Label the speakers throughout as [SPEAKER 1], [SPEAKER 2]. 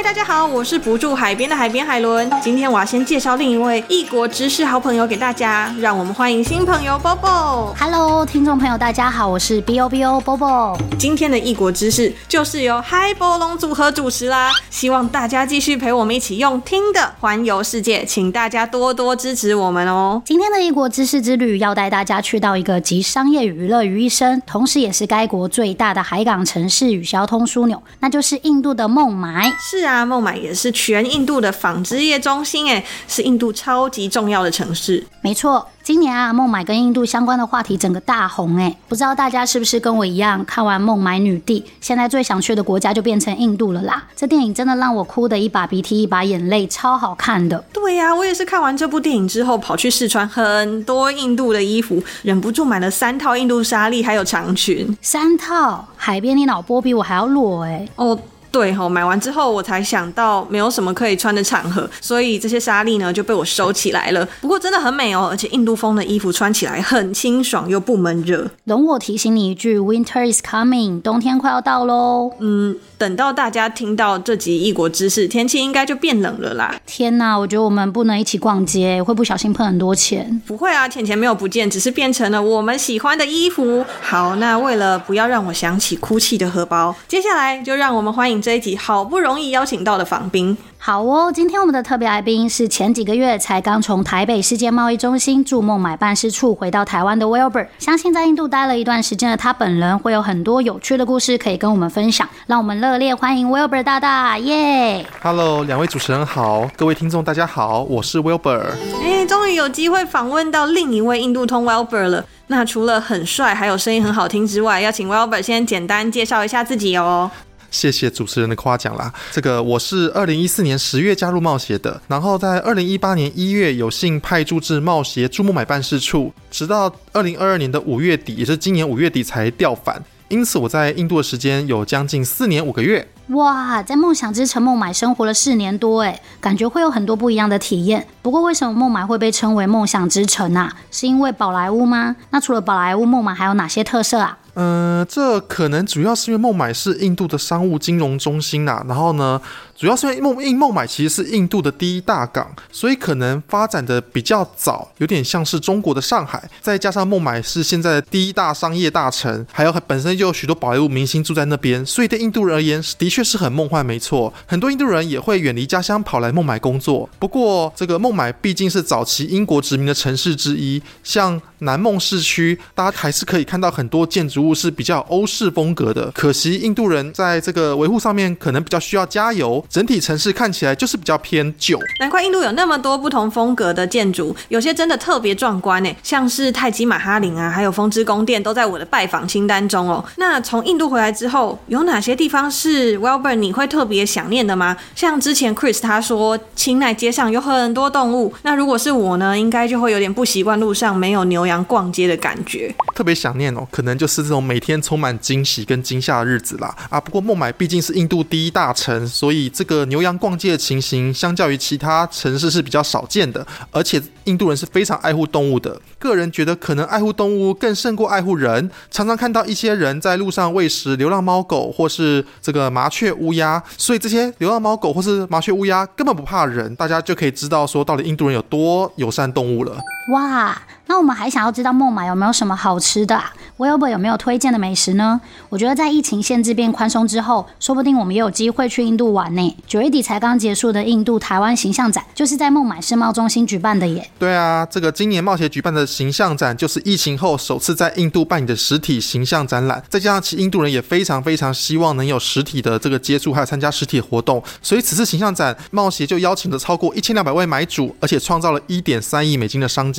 [SPEAKER 1] 嗨，大家好，我是不住海邊的海邊海倫。今天我要先介紹另一位異國知識好朋友給大家，讓我們歡迎新朋友 Bobo。Hello，聽眾朋友，大家好，我是 Bobo Bobo。今天的異國知識就是由海 Bo 浪組合主持啦，希望大家繼續陪我們一起用聽的環遊世界，請大家多多支持我們哦、喔。今天的異國知識之旅要帶
[SPEAKER 2] 大家去到一個集商業、娛樂於一身，同時也是該國最大的海港城市
[SPEAKER 1] 與交通樞紐，那就是印度的孟買。是、啊。啊，那孟買也是全印度的紡織業中心，誒，是印度超級重要的城市。沒錯，今年啊，孟買跟印
[SPEAKER 2] 度相關的話題整個大紅，誒，不知道大家是不是跟我一樣，看完《孟買女帝》，現在最想去的國家就變成印度了啦。這電影真的讓我哭得一把鼻涕一把眼淚，超
[SPEAKER 1] 好看的。對呀，啊，我也是看完這部電影之後，跑去試穿很多印度的衣服，忍不住買了三套印度紗麗，還有長裙。三套？海 Bo 你腦波比我還要弱，欸，哎。哦。對吼，買完之後我才想到沒有什麼可以穿的場合，所以這些紗麗呢就被我收起來了。不過真的很美哦，而且印度風的衣服穿起來很清爽又不悶熱。
[SPEAKER 2] 容我提醒你一句，Winter is coming，冬天快要到
[SPEAKER 1] 嘍。嗯，等到大家聽到這集異國知識，天氣應該就變冷了啦。
[SPEAKER 2] 天吶，我覺得我們不能一起逛街，會不小心碰很多錢。不
[SPEAKER 1] 會啊，錢錢沒有不見，只是變成了我們喜歡的衣服。好，那為了不要讓我想起哭泣的荷包，接下來就讓我們歡迎。這一集好不容易邀請到的訪賓，好哦！今天我們的
[SPEAKER 2] 特別來賓是前幾個月才剛從台北世界貿易中心駐孟買辦事處回到台灣的 Welber。相信在印度待了一段時間的他本人，會有很多有趣的故事可以跟我們分享。讓我們熱烈歡迎 Welber 大大耶、yeah!！Hello，
[SPEAKER 3] 兩位主持人好，各位聽眾大家好，我是 Welber。
[SPEAKER 1] 哎、欸，終於有機會訪問到另一位印度通 Welber 了。那除了很帥，還有聲音很好聽之外，要請 Welber 先簡單介紹一下自己
[SPEAKER 3] 哦。謝謝主持人的誇獎啦。這個我是二零一四年十月加入貿協的，然後在二零一八年一月有幸派駐至貿協駐孟買辦事處，直到二零二二年的五月底，也是今年五月底才調返。因此我在印度的時間有將近四年五個月。
[SPEAKER 2] 哇，在夢想之城孟買生活了四年多，哎，感覺會有很多不一樣的體驗。不過，為什麼孟買會被稱為夢想之城呢、啊？是因為寶萊塢嗎？那除了寶萊塢，孟買還有哪些特色啊？嗯、
[SPEAKER 3] 呃，這可能主要是因為孟買是印度的商務金融中心吶、啊。然後呢，主要是因為孟印孟買其實是印度的第一大港，所以可能發展得比較早，有點像是中國的上海。再加上孟買是現在的第一大商業大城，還有本身就有許多寶萊塢明星住在那邊，所以對印度人而言，是的確。確實很夢幻，沒錯，很多印度人也會遠離家鄉跑來孟買工作。不過，這個孟買畢竟是早期英國殖民的城市之一，像南孟市區，大家還是可以看到很多建築物是比較歐式風格的。可惜印度人在這個維護上面可能比較需要加油，整體城市看起來就是比較偏舊。
[SPEAKER 1] 難怪印度有那麼多不同風格的建築，有些真的特別壯觀呢、欸，像是泰姬瑪哈陵啊，還有風之宮殿，都在我的拜訪清單中哦、喔。那從印度回來之後，有哪些地方是 Welber 你會特別想念的嗎？像之前 Chris 他說，清奈街上有很多動物，那如果是我呢，應該就會有點不習慣路上沒有牛羊逛街的感覺，
[SPEAKER 3] 特別想念哦。可能就是這種每天充滿驚喜跟驚嚇的日子啦。啊，不過孟買畢竟是印度第一大城，所以這個牛羊逛街的情形，相較於其他城市是比較少見的。而且印度人是非常愛護動物的，個人覺得可能愛護動物更勝過愛護人。常常看到一些人在路上餵食流浪貓狗，或是這個麻雀、烏鴉。所以這些流浪貓狗或是麻雀、烏鴉根本不怕人，大家就可以知道說，到底印度人有多友善動物了。
[SPEAKER 2] 哇，那我們還想要知道孟買有沒有什麼好吃的啊？Welber 有沒有推薦的美食呢？我覺得在疫情限制變寬鬆之後，說不定我們也有機會去印度玩呢。九月底才剛結束的印度台灣形象展，就是在孟買世貿中心舉辦的耶。
[SPEAKER 3] 對啊，這個今年貿協舉辦的形象展，就是疫情後首次在印度辦的實體形象展覽。再加上其印度人也非常非常希望能有實體的這個接觸，還有參加實體活動，所以此次形象展，貿協就邀請了超過一千兩百位買主，而且創造了一點三億美金的商。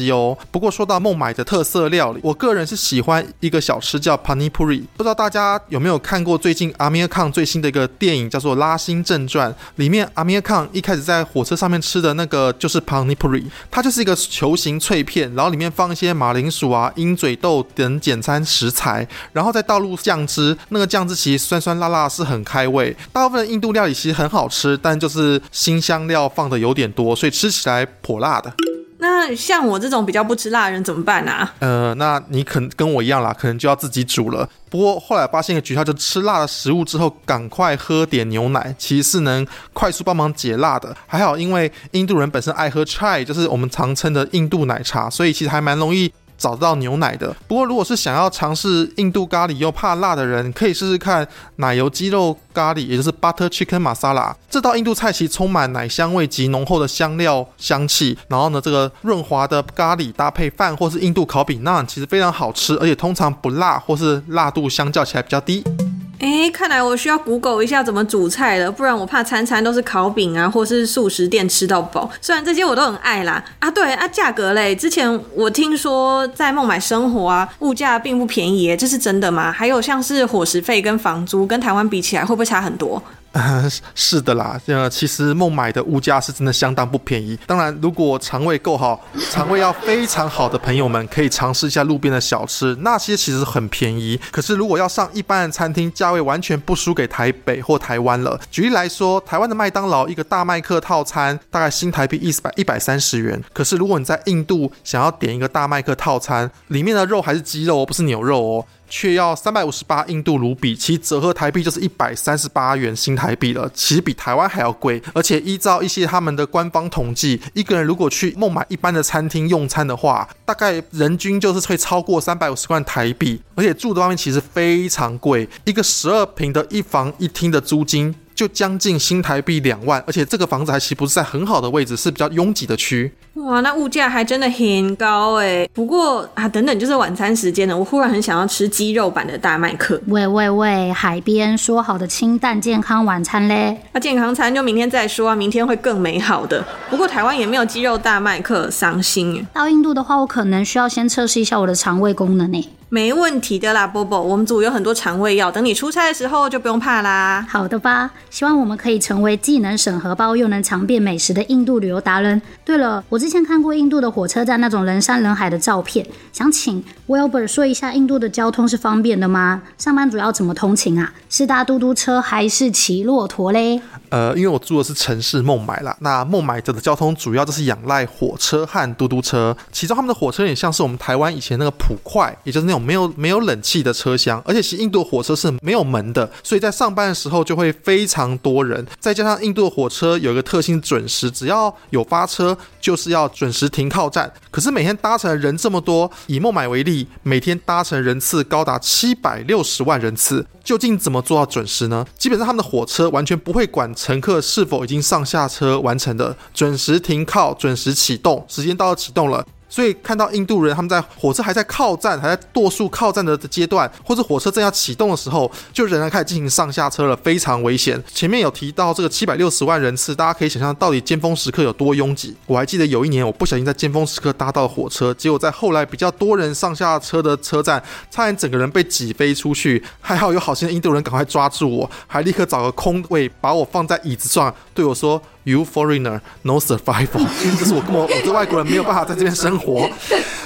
[SPEAKER 3] 不過說到孟買的特色料理，我個人是喜歡一個小吃叫 panipuri。不知道大家有沒有看過最近阿米爾康最新的一個電影叫做《拉辛正傳》，裡面阿米爾康一開始在火車上面吃的那個就是 panipuri，它就是一個球形脆片，然後裡面放一些馬鈴薯啊、鷹嘴豆等簡餐食材，然後再倒入醬汁，那個醬汁其實酸酸辣辣是很開胃。大部分的印度料理其實很好吃，但就是辛香料放的有點多，所以吃起來頗辣的。
[SPEAKER 1] 那像我這種比較不吃辣的人怎麼辦呢？啊？
[SPEAKER 3] 呃，那你可能跟我一樣啦，可能就要自己煮了。不過後來發現一個訣竅，就吃辣的食物之後趕快喝點牛奶，其實是能快速幫忙解辣的。還好，因為印度人本身愛喝 chai，就是我們常稱的印度奶茶，所以其實還蠻容易。找到牛奶的。不過，如果是想要嘗試印度咖喱又怕辣的人，可以試試看奶油雞肉咖喱，也就是 butter chicken masala。這道印度菜其實充滿奶香味及濃厚的香料香氣。然後呢，這個潤滑的咖喱搭配飯或是印度烤餅，那其實非常好吃，而且通常不辣或是辣度相較起來比較低。
[SPEAKER 1] 哎、欸，看來我需要 Google 一下怎麼煮菜了，不然我怕餐餐都是烤餅啊，或是素食店吃到飽。雖然這些我都很愛啦。啊對，對啊，價格嘞，之前我聽說在孟買生活啊，物價並不便宜，欸，耶，這是真的嗎？還有像是伙食費跟房租，跟台灣比起來會不會差很多？
[SPEAKER 3] 是的啦，其實孟買的物價是真的相當不便宜。當然，如果腸胃夠好，腸胃要非常好的朋友們，可以嘗試一下路邊的小吃，那些其實很便宜。可是如果要上一般的餐廳，價位完全不輸給台北或台灣了。舉例來說，台灣的麥當勞一個大麥克套餐大概新台幣一百一百三十元。可是如果你在印度想要點一個大麥克套餐，裡面的肉還是雞肉哦，不是牛肉哦。卻要三百五十八印度盧比，其實折合台幣就是一百三十八元新台幣了，其實比台灣還要貴。而且依照一些他們的官方統計，一個人如果去孟買一般的餐廳用餐的話，大概人均就是會超過三百五十萬台幣。而且住的方面其實非常貴，一個十二平的一房一廳的租金。就將近新台幣兩萬，而且這個房子還其實不是在很好的位置，是比較擁擠的區。
[SPEAKER 1] 哇，那物價還真的很高哎。不過啊，等等，就是晚餐時間了，我忽然很想要吃雞肉版的大麥克。喂喂喂，海 Bo 說好的清淡健康晚餐嘞？那、啊、健康餐就明天再說啊，明天會更美好的。不過台灣也沒有雞肉大麥克，傷心。到印度的話，我可能需要先測試一下我的腸胃功能呢。沒問題的啦，波波，我們組有很多腸胃藥，等你出差的時候就不用
[SPEAKER 2] 怕啦。好的吧，希望我們可以成為既能省荷包又能嘗遍美食的印度旅遊達人。對了，我之前看過印度的火車站那種人山人海的照片，想請 Welber 說一下，印度的交通是方便的嗎？上班族要怎麼通勤啊？是搭嘟嘟車還是騎駱駝嘞？
[SPEAKER 3] 呃，因為我住的是城市孟買啦。那孟買這的交通主要就是仰賴火車和嘟嘟車，其中他們的火車也像是我們台灣以前那個普快，也就是那種沒有沒有冷氣的車廂，而且其實印度火車是沒有門的，所以在上班的時候就會非常多人。再加上印度的火車有一個特性，準時，只要有發車就是要準時停靠站。可是每天搭乘的人這麼多，以孟買為例，每天搭乘人次高達七百六十萬人次，究竟怎麼做到準時呢？基本上他們的火車完全不會管，乘客是否已經上下車完成的，準時停靠，準時啟動。時間到了，啟動了。所以看到印度人他們在火車還在靠站，還在倒數靠站的階段，或是火車正要啟動的時候，就仍然開始進行上下車了，非常危險。前面有提到這個七百六十萬人次，大家可以想象到底尖峰時刻有多擁擠。我還記得有一年我不小心在尖峰時刻搭到火車，結果在後來比較多人上下車的車站，差點整個人被擠飛出去，還好有好心的印度人趕快抓住我，還立刻找個空位把我放在椅子上，對我說，You foreigner, no survival，這是我跟我我這外國人沒有辦法在這邊生活，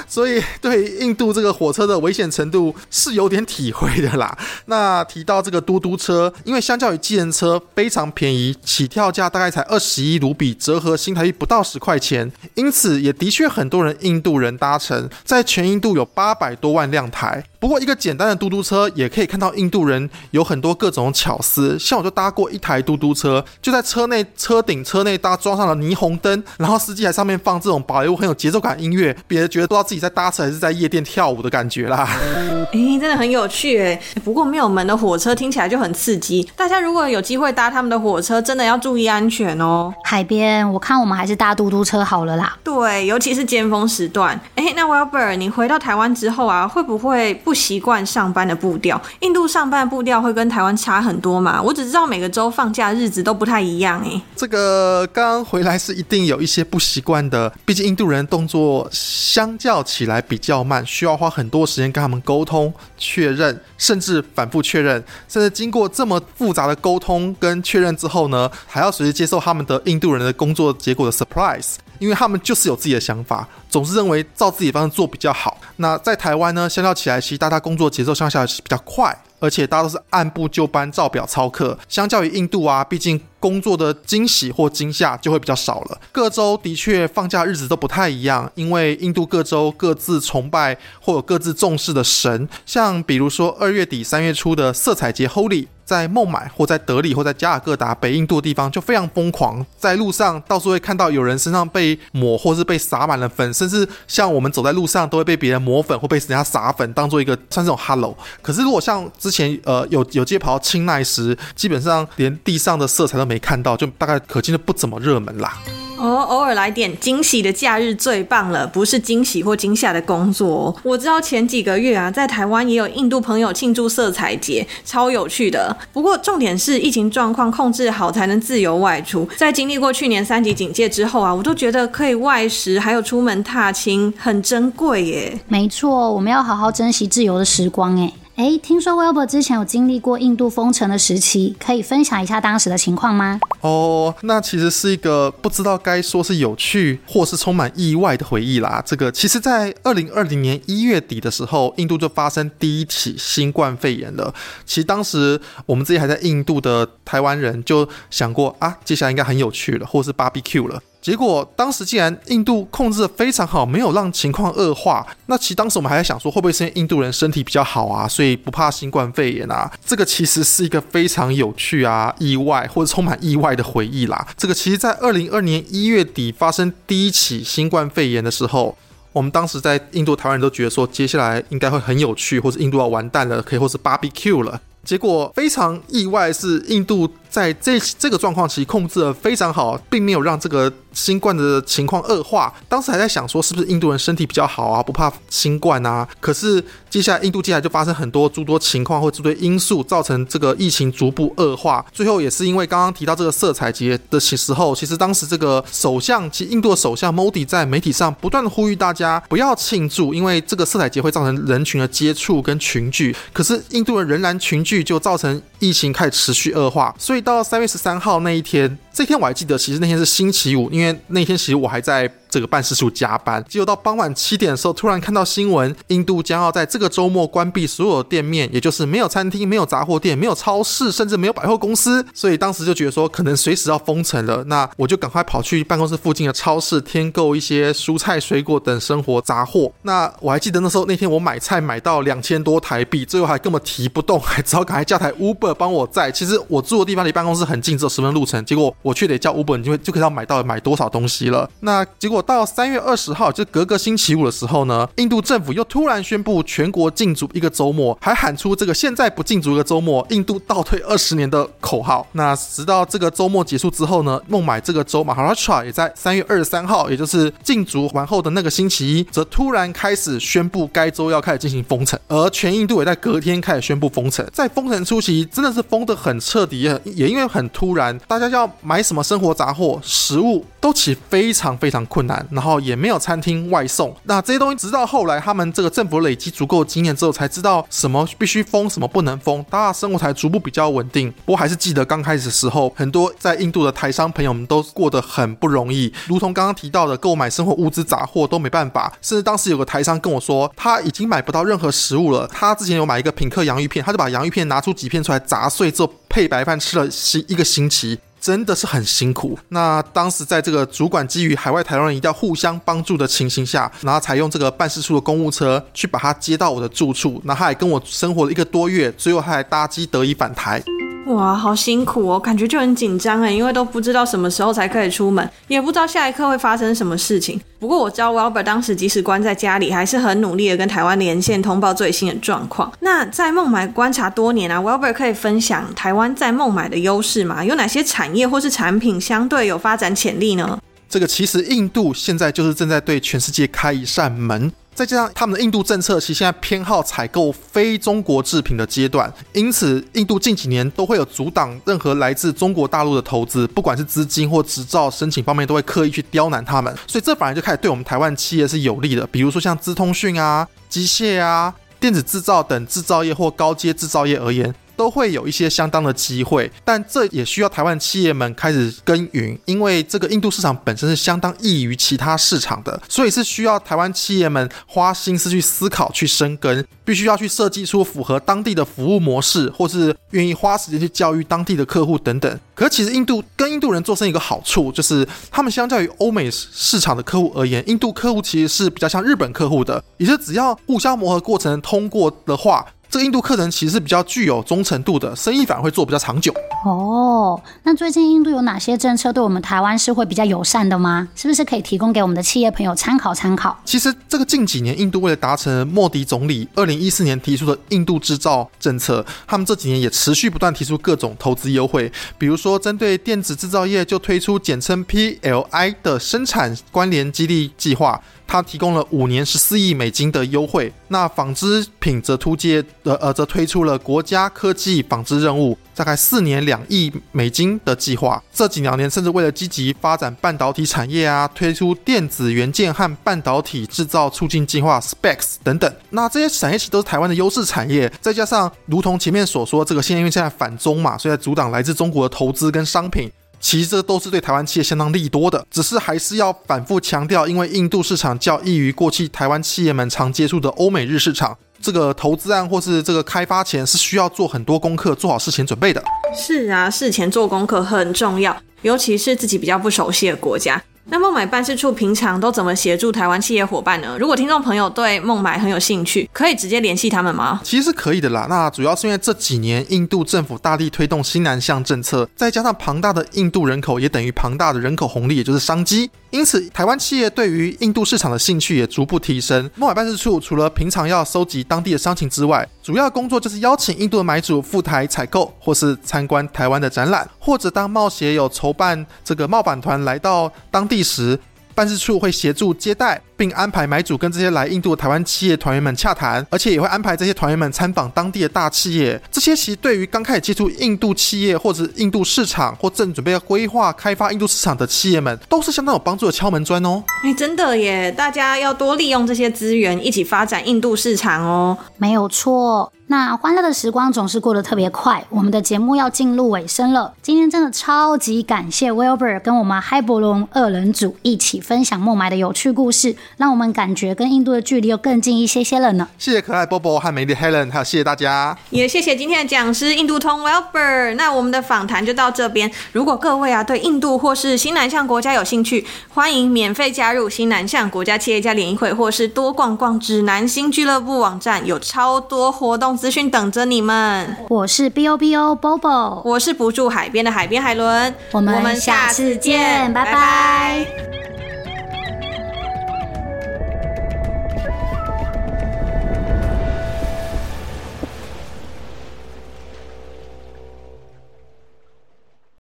[SPEAKER 3] 所以對印度這個火車的危險程度是有點體會的啦。那提到這個嘟嘟車，因為相較於計程車非常便宜，起跳價大概才二十一盧比，折合新台幣不到十塊錢，因此也的確很多人印度人搭乘，在全印度有八百多萬輛台。不過一個簡單的嘟嘟車也可以看到印度人有很多各種巧思，像我就搭過一台嘟嘟車，就在車內車頂車內搭裝上了霓虹燈，然後司機在上面放這種保留，很有節奏感音樂，別人覺得不知道自己在搭車還是在夜店跳舞的感覺啦、
[SPEAKER 1] 欸。哎真的很有趣哎、欸。不過沒有門的火車聽起來就很刺激，大家如果有機會搭他們的火車，真的要注意安全哦。海邊，我看我們還是搭嘟嘟車好了啦。對，尤其是尖峰時段。哎、欸，那 Welber 你回到台灣之後啊，會不會不不習慣上班的步調，印度上班的步調會跟台灣差很多嘛？我只知道每個周放假日子都不太一樣，誒。
[SPEAKER 3] 這個剛回來是一定有一些不習慣的，畢竟印度人動作相較起來比較慢，需要花很多時間跟他們溝通確認，甚至反覆確認，甚至經過這麼複雜的溝通跟確認之後呢，還要隨時接受他們的印度人的工作結果的 surprise，因為他們就是有自己的想法，總是認為照自己的方式做比較好。那在台灣呢，相較起來，其實大家工作節奏上下是比較快，而且大家都是按部就班、照表操課。相較於印度啊，畢竟。工作的驚喜或驚嚇就會比較少了。各州的確放假日子都不太一樣，因為印度各州各自崇拜或有各自重視的神，像比如說二月底三月初的色彩節 Holy，在孟買或在德里或在加爾各答北印度的地方就非常瘋狂，在路上到處會看到有人身上被抹或是被撒滿了粉，甚至像我們走在路上都會被別人抹粉或被人家撒粉，當做一個算是一種 Hello。可是如果像之前呃有有街跑到清奈時，基本上連地上的色彩都沒。沒看到，就大概可見的不怎麼熱門啦。
[SPEAKER 1] 哦，偶爾來點驚喜的假日最棒了，不是驚喜或驚嚇的工作。我知道前幾個月啊，在台灣也有印度朋友慶祝色彩節，超有趣的。不過重點是疫情狀況控制好，才能自由外出。在經歷過去年三級警戒之後啊，我都覺得可以外食，還有出門踏青，很珍貴耶。
[SPEAKER 2] 沒錯，我們要好好珍惜自由的時光耶。誒，聽說 Welber 之前有經歷過印度封城的時期，可以分享一下當時的情況嗎？
[SPEAKER 3] 哦，那其實是一個不知道該說是有趣或是充滿意外的回憶啦。這個其實，在二零二零年一月底的時候，印度就發生第一起新冠肺炎了。其實當時我們自己還在印度的台灣人就想過啊，接下來應該很有趣了，或是 Barbecue 了。結果當時竟然，印度控制得非常好，沒有讓情況惡化。那其實當時我們還在想說，會不會是因為印度人身體比較好啊，所以不怕新冠肺炎啊？這個其實是一個非常有趣啊，意外或者充滿意外的回憶啦。這個其實，在二零二零年一月底發生第一起新冠肺炎的時候，我們當時在印度台灣人都覺得說，接下來應該會很有趣，或者印度要、啊、完蛋了，可以或是芭比 Q 了。結果非常意外，是印度。在這這個狀況，其實控制得非常好，並沒有讓這個新冠的情況惡化。當時還在想說，是不是印度人身體比較好啊，不怕新冠啊？可是接下來印度接下來就發生很多諸多情況或諸多因素，造成這個疫情逐步惡化。最後也是因為剛剛提到這個色彩節的時候，其實當時這個首相其實印度的首相 Modi 在媒體上不斷呼籲大家不要慶祝，因為這個色彩節會造成人群的接觸跟群聚。可是印度人仍然群聚，就造成。疫情開始持續惡化，所以到三月十三號那一天，這天我還記得，其實那天是星期五，因為那天其實我還在。這個辦事處加班，結果到傍晚七點的時候，突然看到新聞，印度將要在這個週末關閉所有的店面，也就是沒有餐廳、沒有雜貨店、沒有超市，甚至沒有百貨公司。所以當時就覺得說，可能隨時要封城了。那我就趕快跑去辦公室附近的超市添購一些蔬菜、水果等生活雜貨。那我還記得那時候那天我買菜買到兩千多台幣，最後還根本提不動，還只好趕快叫台 Uber 幫我在。其實我住的地方離辦公室很近，只有十分鐘路程，結果我卻得叫 Uber，因為就可以到買到買多少東西了。那結果。到三月二十號，就是、隔個星期五的時候呢，印度政府又突然宣布全國禁足一個周末，還喊出這個“現在不禁足一個周末，印度倒退二十年”的口號。那直到這個周末結束之後呢，孟買這個州馬哈拉施也在三月二十三號，也就是禁足完後的那個星期一，則突然開始宣布該州要開始進行封城，而全印度也在隔天開始宣布封城。在封城初期，真的是封得很徹底，也也因為很突然，大家要買什麼生活雜貨、食物都起非常非常困難。然後也沒有餐廳外送，那這些東西直到後來他們這個政府累積足夠經驗之後，才知道什麼必須封，什麼不能封，大家的生活才逐步比較穩定。不過還是記得剛開始的時候，很多在印度的台商朋友們都過得很不容易，如同剛剛提到的，購買生活物資雜貨都沒辦法，甚至當時有個台商跟我說，他已經買不到任何食物了。他之前有買一個品客洋芋片，他就把洋芋片拿出幾片出來砸碎之後配白飯吃了一個星期。真的是很辛苦。那當時在這個主管基於海外台灣人一定要互相幫助的情形下，然後才用這個辦事處的公務車去把他接到我的住處，然後他還跟我生活了一個多月，最後他還搭機得以返台。
[SPEAKER 1] 哇，好辛苦哦，感覺就很緊張啊，因為都不知道什麼時候才可以出門，也不知道下一刻會發生什麼事情。不過我知道，Welber 當時即使關在家裡，還是很努力地跟台灣連線，通報最新的狀況。那在孟買觀察多年啊，Welber 可以分享台灣在孟買的優勢嗎？有哪些產業或是產品相對有發展潛力呢？
[SPEAKER 3] 這個其實印度現在就是正在對全世界開一扇門。再加上他們的印度政策，其實現在偏好採購非中國製品的階段，因此印度近幾年都會有阻擋任何來自中國大陸的投資，不管是資金或執照申請方面，都會刻意去刁難他們。所以這反而就開始對我們台灣企業是有利的，比如說像資通訊啊、機械啊、電子製造等製造業或高階製造業而言，都會有一些相當的機會，但這也需要台灣企業們開始耕耘，因為這個印度市場本身是相當異於其他市場的，所以是需要台灣企業們花心思去思考、去深耕，必須要去設計出符合當地的服務模式，或是願意花時間去教育當地的客戶等等。可是其實印度跟印度人做生意一個好處就是，他們相較於歐美市場的客戶而言，印度客戶其實是比較像日本客戶的，也是只要互相磨合過程通過的話。這個印度客人其實是比較具有忠誠度的生意，反而會做比較長久。
[SPEAKER 2] 哦，那最近印度有哪些政策對我們台灣是會比較友善的嗎？是不是可以提供給我們的企業朋友參考參考？
[SPEAKER 3] 其實這個近幾年印度為了達成莫迪總理二零一四年提出的印度製造政策，他們這幾年也持續不斷提出各種投資優惠，比如說針對電子製造業就推出簡稱 PLI 的生產關聯激勵計劃。他提供了五年十四億美金的優惠，那紡織品則突接呃呃則推出了國家科技紡織任務，大概四年兩億美金的計劃。這幾兩年甚至為了積極發展半導體產業啊，推出電子元件和半導體制造促進計劃 SPECS 等等。那這些產業其實都是台灣的優勢產業，再加上如同前面所說，這個現在因為現在反中嘛，所以在阻擋來自中國的投資跟商品。其實這都是對台灣企業相當利多的，只是還是要反覆強調，因為印度市場較異於過去台灣企業們常接觸的歐美日市場，這個投資案或是這個開發前是需要做很多功課，做好事前準備的。
[SPEAKER 1] 是啊，事前做功課很重要，尤其是自己比較不熟悉的國家。那孟買辦事處平常都怎麼協助台灣企業夥伴呢？如果聽眾朋友對孟買很有興趣，可以直接聯繫他們嗎？
[SPEAKER 3] 其實可以的啦。那主要是因為這幾年印度政府大力推動新南向政策，再加上龐大的印度人口，也等於龐大的人口紅利，也就是商機。因此，台灣企業對於印度市場的興趣也逐步提升。孟買辦事處除了平常要收集當地的商情之外，主要工作就是邀請印度的買主赴台採購，或是參觀台灣的展覽，或者當貿協有籌辦這個貿展團來到當地時。辦事處會協助接待，並安排買主跟這些來印度的台灣企業團員們洽談，而且也會安排這些團員們參訪當地的大企業。這些其實對於剛開始接觸印度企業，或者是印度市場，或正準備要規劃開發印度市場的企業們，都是相當有幫助的敲門磚哦。
[SPEAKER 1] 哎、欸，真的耶！大家要多利用這些資源，一起發展印度市場哦。沒有錯。那歡樂的時光總是
[SPEAKER 2] 過得特別快，我們的節目要進入尾聲了。今天真的超級感謝 Welber 跟我們海 Bo 浪二人組一起分享孟買的有趣故事，讓我們感覺跟印度的距離又更近一些些了呢。
[SPEAKER 3] 謝謝可愛 Bobo 和美麗 Helen，還有謝謝大家，
[SPEAKER 1] 也謝謝今天的講師印度通 Welber，那我們的訪談就到這邊。如果各位啊對印度或是新南向國家有興趣，歡迎免費加入新南向國家企業家聯誼會，或是多逛逛指南新俱樂部網站，有超多活動。資訊等着你們。我是 BOBOBO，BO BO BO 我是不住海邊的海邊海倫。我們我們下次見，拜拜。